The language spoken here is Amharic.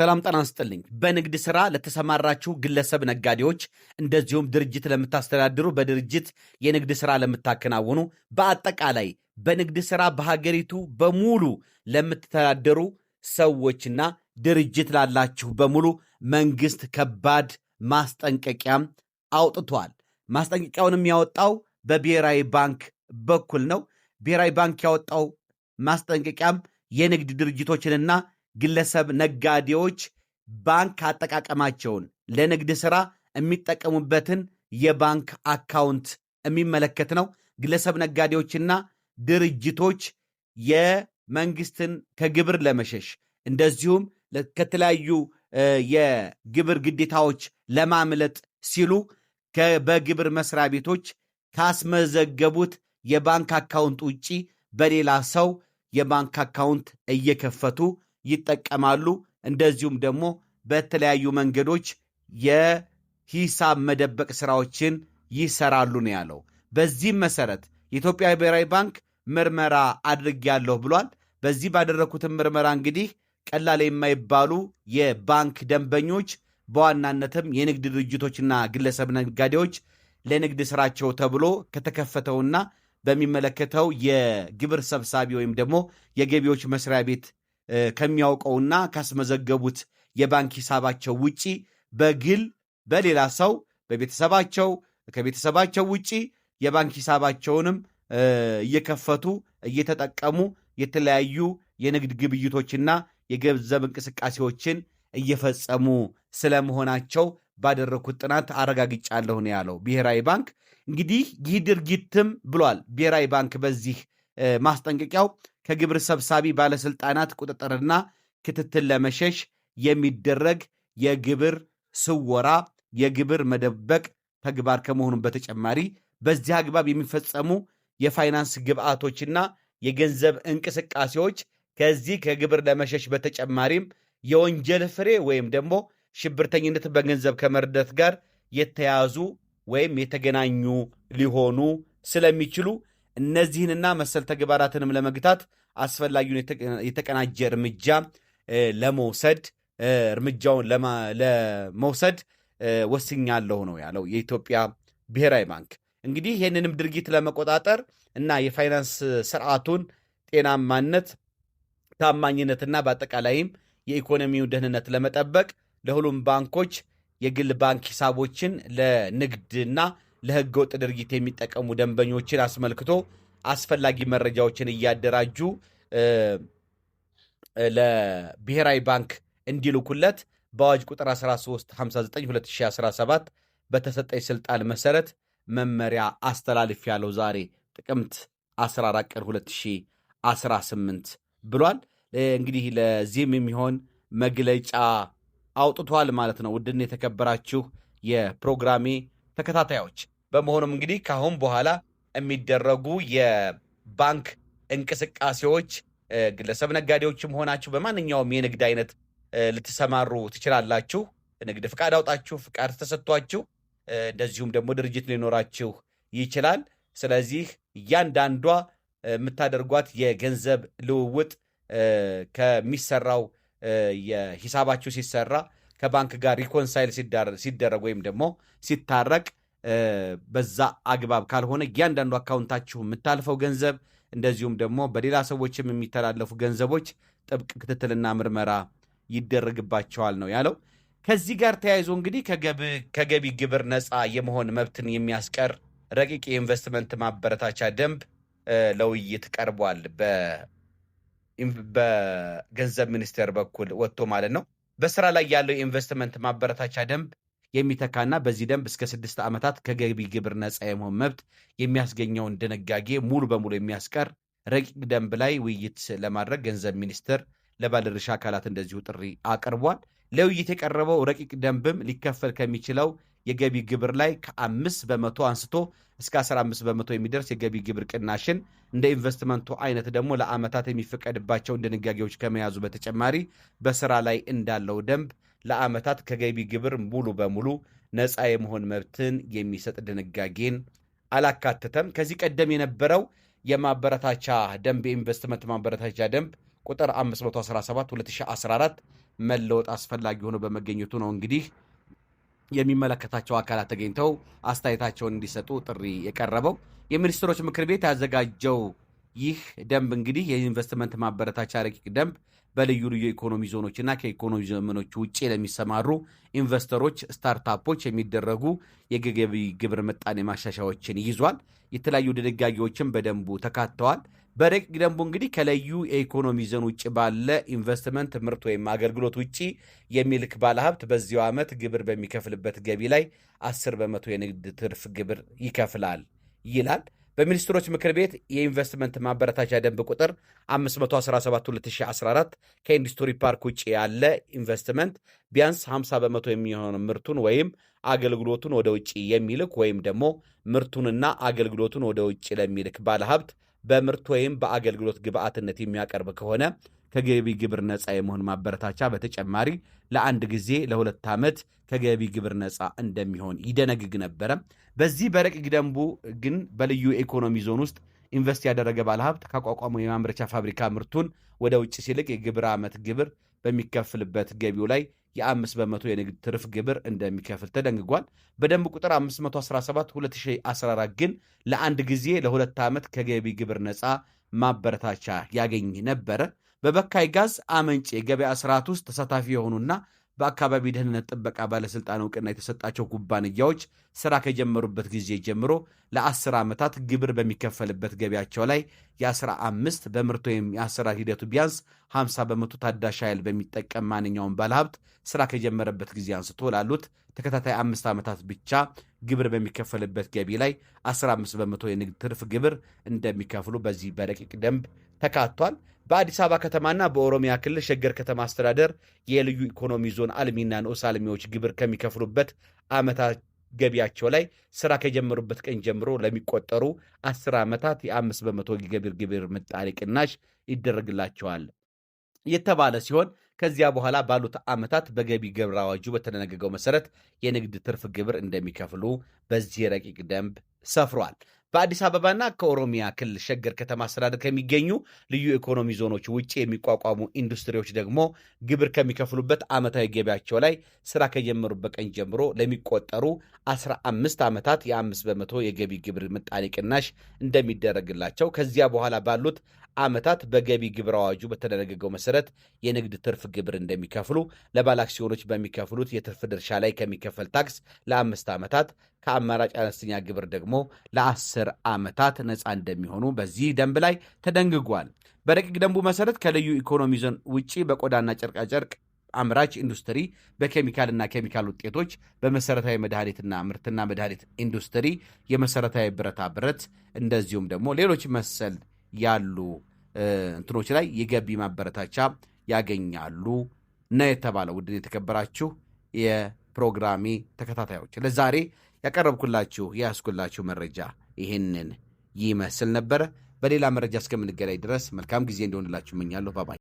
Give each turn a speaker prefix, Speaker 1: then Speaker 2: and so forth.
Speaker 1: ሰላም ጤና አንስጥልኝ። በንግድ ስራ ለተሰማራችሁ ግለሰብ ነጋዴዎች፣ እንደዚሁም ድርጅት ለምታስተዳድሩ፣ በድርጅት የንግድ ስራ ለምታከናውኑ፣ በአጠቃላይ በንግድ ስራ በሀገሪቱ በሙሉ ለምትተዳደሩ ሰዎችና ድርጅት ላላችሁ በሙሉ መንግስት ከባድ ማስጠንቀቂያም አውጥቷል። ማስጠንቀቂያውንም ያወጣው በብሔራዊ ባንክ በኩል ነው። ብሔራዊ ባንክ ያወጣው ማስጠንቀቂያም የንግድ ድርጅቶችንና ግለሰብ ነጋዴዎች ባንክ አጠቃቀማቸውን ለንግድ ሥራ የሚጠቀሙበትን የባንክ አካውንት የሚመለከት ነው። ግለሰብ ነጋዴዎችና ድርጅቶች የመንግስትን ከግብር ለመሸሽ እንደዚሁም ከተለያዩ የግብር ግዴታዎች ለማምለጥ ሲሉ በግብር መስሪያ ቤቶች ካስመዘገቡት የባንክ አካውንት ውጪ በሌላ ሰው የባንክ አካውንት እየከፈቱ ይጠቀማሉ። እንደዚሁም ደግሞ በተለያዩ መንገዶች የሂሳብ መደበቅ ስራዎችን ይሰራሉ ነው ያለው። በዚህም መሰረት የኢትዮጵያ ብሔራዊ ባንክ ምርመራ አድርጌያለሁ ብሏል። በዚህ ባደረግኩትን ምርመራ እንግዲህ ቀላል የማይባሉ የባንክ ደንበኞች በዋናነትም የንግድ ድርጅቶችና ግለሰብ ነጋዴዎች ለንግድ ስራቸው ተብሎ ከተከፈተውና በሚመለከተው የግብር ሰብሳቢ ወይም ደግሞ የገቢዎች መስሪያ ቤት ከሚያውቀውና ካስመዘገቡት የባንክ ሂሳባቸው ውጪ በግል በሌላ ሰው በቤተሰባቸው ከቤተሰባቸው ውጪ የባንክ ሂሳባቸውንም እየከፈቱ እየተጠቀሙ የተለያዩ የንግድ ግብይቶችና የገንዘብ እንቅስቃሴዎችን እየፈጸሙ ስለመሆናቸው ባደረግኩት ጥናት አረጋግጫለሁ ነው ያለው ብሔራዊ ባንክ። እንግዲህ ይህ ድርጊትም ብሏል ብሔራዊ ባንክ በዚህ ማስጠንቀቂያው ከግብር ሰብሳቢ ባለስልጣናት ቁጥጥርና ክትትል ለመሸሽ የሚደረግ የግብር ስወራ፣ የግብር መደበቅ ተግባር ከመሆኑ በተጨማሪ በዚህ አግባብ የሚፈጸሙ የፋይናንስ ግብአቶችና የገንዘብ እንቅስቃሴዎች ከዚህ ከግብር ለመሸሽ በተጨማሪም የወንጀል ፍሬ ወይም ደግሞ ሽብርተኝነትን በገንዘብ ከመርዳት ጋር የተያዙ ወይም የተገናኙ ሊሆኑ ስለሚችሉ እነዚህንና መሰል ተግባራትንም ለመግታት አስፈላጊውን የተቀናጀ እርምጃ ለመውሰድ እርምጃውን ለመውሰድ ወስኛለሁ ነው ያለው የኢትዮጵያ ብሔራዊ ባንክ። እንግዲህ ይህንንም ድርጊት ለመቆጣጠር እና የፋይናንስ ስርዓቱን ጤናማነት፣ ታማኝነትና በአጠቃላይም የኢኮኖሚው ደህንነት ለመጠበቅ ለሁሉም ባንኮች የግል ባንክ ሂሳቦችን ለንግድና ለህገ ወጥ ድርጊት የሚጠቀሙ ደንበኞችን አስመልክቶ አስፈላጊ መረጃዎችን እያደራጁ ለብሔራዊ ባንክ እንዲልኩለት በአዋጅ ቁጥር 1359/2017 በተሰጠኝ ስልጣን መሰረት መመሪያ አስተላልፍ ያለው ዛሬ ጥቅምት 14 ቀን 2018 ብሏል። እንግዲህ ለዚህም የሚሆን መግለጫ አውጥቷል ማለት ነው። ውድን የተከበራችሁ የፕሮግራሜ ተከታታዮች በመሆኑም እንግዲህ ከአሁን በኋላ የሚደረጉ የባንክ እንቅስቃሴዎች ግለሰብ ነጋዴዎች መሆናችሁ በማንኛውም የንግድ አይነት ልትሰማሩ ትችላላችሁ። ንግድ ፍቃድ አውጣችሁ ፍቃድ ተሰጥቷችሁ፣ እንደዚሁም ደግሞ ድርጅት ሊኖራችሁ ይችላል። ስለዚህ እያንዳንዷ የምታደርጓት የገንዘብ ልውውጥ ከሚሰራው የሂሳባችሁ ሲሰራ ከባንክ ጋር ሪኮንሳይል ሲደረግ ወይም ደግሞ ሲታረቅ በዛ አግባብ ካልሆነ እያንዳንዱ አካውንታችሁ የምታልፈው ገንዘብ እንደዚሁም ደግሞ በሌላ ሰዎችም የሚተላለፉ ገንዘቦች ጥብቅ ክትትልና ምርመራ ይደረግባቸዋል ነው ያለው። ከዚህ ጋር ተያይዞ እንግዲህ ከገቢ ግብር ነፃ የመሆን መብትን የሚያስቀር ረቂቅ የኢንቨስትመንት ማበረታቻ ደንብ ለውይይት ቀርቧል። በገንዘብ ሚኒስቴር በኩል ወጥቶ ማለት ነው። በስራ ላይ ያለው የኢንቨስትመንት ማበረታቻ ደንብ የሚተካና በዚህ ደንብ እስከ ስድስት ዓመታት ከገቢ ግብር ነፃ የመሆን መብት የሚያስገኘውን ድንጋጌ ሙሉ በሙሉ የሚያስቀር ረቂቅ ደንብ ላይ ውይይት ለማድረግ ገንዘብ ሚኒስቴር ለባለድርሻ አካላት እንደዚሁ ጥሪ አቅርቧል። ለውይይት የቀረበው ረቂቅ ደንብም ሊከፈል ከሚችለው የገቢ ግብር ላይ ከአምስት በመቶ አንስቶ እስከ 15 በመቶ የሚደርስ የገቢ ግብር ቅናሽን እንደ ኢንቨስትመንቱ አይነት ደግሞ ለአመታት የሚፈቀድባቸውን ድንጋጌዎች ከመያዙ በተጨማሪ በስራ ላይ እንዳለው ደንብ ለአመታት ከገቢ ግብር ሙሉ በሙሉ ነፃ የመሆን መብትን የሚሰጥ ድንጋጌን አላካተተም። ከዚህ ቀደም የነበረው የማበረታቻ ደንብ የኢንቨስትመንት ማበረታቻ ደንብ ቁጥር 517 2014 መለወጥ አስፈላጊ ሆኖ በመገኘቱ ነው እንግዲህ የሚመለከታቸው አካላት ተገኝተው አስተያየታቸውን እንዲሰጡ ጥሪ የቀረበው የሚኒስትሮች ምክር ቤት ያዘጋጀው ይህ ደንብ እንግዲህ የኢንቨስትመንት ማበረታቻ ረቂቅ ደንብ በልዩ ልዩ ኢኮኖሚ ዞኖችና ከኢኮኖሚ ዞኖች ውጭ ለሚሰማሩ ኢንቨስተሮች፣ ስታርታፖች የሚደረጉ የገቢ ግብር ምጣኔ ማሻሻያዎችን ይዟል። የተለያዩ ድንጋጌዎችን በደንቡ ተካተዋል። በረቂቅ ደንቡ እንግዲህ ከለዩ የኢኮኖሚ ዞን ውጭ ባለ ኢንቨስትመንት ምርት ወይም አገልግሎት ውጭ የሚልክ ባለሀብት በዚያው ዓመት ግብር በሚከፍልበት ገቢ ላይ 10 በመቶ የንግድ ትርፍ ግብር ይከፍላል ይላል። በሚኒስትሮች ምክር ቤት የኢንቨስትመንት ማበረታቻ ደንብ ቁጥር 517/2014 ከኢንዱስትሪ ፓርክ ውጭ ያለ ኢንቨስትመንት ቢያንስ 50 በመቶ የሚሆን ምርቱን ወይም አገልግሎቱን ወደ ውጭ የሚልክ ወይም ደግሞ ምርቱንና አገልግሎቱን ወደ ውጭ ለሚልክ ባለሀብት በምርት ወይም በአገልግሎት ግብዓትነት የሚያቀርብ ከሆነ ከገቢ ግብር ነፃ የመሆን ማበረታቻ በተጨማሪ ለአንድ ጊዜ ለሁለት ዓመት ከገቢ ግብር ነፃ እንደሚሆን ይደነግግ ነበረ። በዚህ በረቂቅ ደንቡ ግን በልዩ ኢኮኖሚ ዞን ውስጥ ኢንቨስት ያደረገ ባለሀብት ካቋቋመው የማምረቻ ፋብሪካ ምርቱን ወደ ውጭ ሲልቅ የግብር ዓመት ግብር በሚከፍልበት ገቢው ላይ የአምስት በመቶ የንግድ ትርፍ ግብር እንደሚከፍል ተደንግጓል። በደንብ ቁጥር 517 2014 ግን ለአንድ ጊዜ ለሁለት ዓመት ከገቢ ግብር ነፃ ማበረታቻ ያገኝ ነበረ። በበካይ ጋዝ አመንጭ የገበያ ስርዓት ውስጥ ተሳታፊ የሆኑና በአካባቢ ደህንነት ጥበቃ ባለስልጣን እውቅና የተሰጣቸው ኩባንያዎች ስራ ከጀመሩበት ጊዜ ጀምሮ ለአስር ዓመታት ግብር በሚከፈልበት ገቢያቸው ላይ የ15 በምርት ወይም የአሰራር ሂደቱ ቢያንስ 50 በመቶ ታዳሽ ኃይል በሚጠቀም ማንኛውም ባለሀብት ስራ ከጀመረበት ጊዜ አንስቶ ላሉት ተከታታይ አምስት ዓመታት ብቻ ግብር በሚከፈልበት ገቢ ላይ 15 በመቶ የንግድ ትርፍ ግብር እንደሚከፍሉ በዚህ በረቂቅ ደንብ ተካቷል። በአዲስ አበባ ከተማና በኦሮሚያ ክልል ሸገር ከተማ አስተዳደር የልዩ ኢኮኖሚ ዞን አልሚና ንዑስ አልሚዎች ግብር ከሚከፍሉበት ዓመታት ገቢያቸው ላይ ስራ ከጀመሩበት ቀን ጀምሮ ለሚቆጠሩ አስር ዓመታት የአምስት በመቶ የገቢር ግብር ምጣኔ ቅናሽ ይደረግላቸዋል የተባለ ሲሆን ከዚያ በኋላ ባሉት ዓመታት በገቢ ግብር አዋጁ በተደነገገው መሰረት የንግድ ትርፍ ግብር እንደሚከፍሉ በዚህ ረቂቅ ደንብ ሰፍሯል። በአዲስ አበባና ከኦሮሚያ ክልል ሸገር ከተማ አስተዳደር ከሚገኙ ልዩ ኢኮኖሚ ዞኖች ውጭ የሚቋቋሙ ኢንዱስትሪዎች ደግሞ ግብር ከሚከፍሉበት ዓመታዊ ገቢያቸው ላይ ስራ ከጀመሩበት ቀን ጀምሮ ለሚቆጠሩ 15 ዓመታት የ5 በመቶ የገቢ ግብር ምጣኔ ቅናሽ እንደሚደረግላቸው ከዚያ በኋላ ባሉት ዓመታት በገቢ ግብር አዋጁ በተደነገገው መሰረት የንግድ ትርፍ ግብር እንደሚከፍሉ ለባለአክሲዮኖች በሚከፍሉት የትርፍ ድርሻ ላይ ከሚከፈል ታክስ ለአምስት ዓመታት ከአማራጭ አነስተኛ ግብር ደግሞ ለአስር ዓመታት ነፃ እንደሚሆኑ በዚህ ደንብ ላይ ተደንግጓል። በረቂቅ ደንቡ መሰረት ከልዩ ኢኮኖሚ ዞን ውጭ በቆዳና ጨርቃጨርቅ አምራች ኢንዱስትሪ፣ በኬሚካልና ኬሚካል ውጤቶች፣ በመሰረታዊ መድኃኒትና ምርትና መድኃኒት ኢንዱስትሪ፣ የመሰረታዊ ብረታ ብረት እንደዚሁም ደግሞ ሌሎች መሰል ያሉ እንትኖች ላይ የገቢ ማበረታቻ ያገኛሉ ነው የተባለው። ውድን የተከበራችሁ የፕሮግራሜ ተከታታዮች ለዛሬ ያቀረብኩላችሁ የያዝኩላችሁ መረጃ ይህንን ይመስል ነበረ። በሌላ መረጃ እስከምንገናኝ ድረስ መልካም ጊዜ እንደሆንላችሁ እመኛለሁ። ባባይ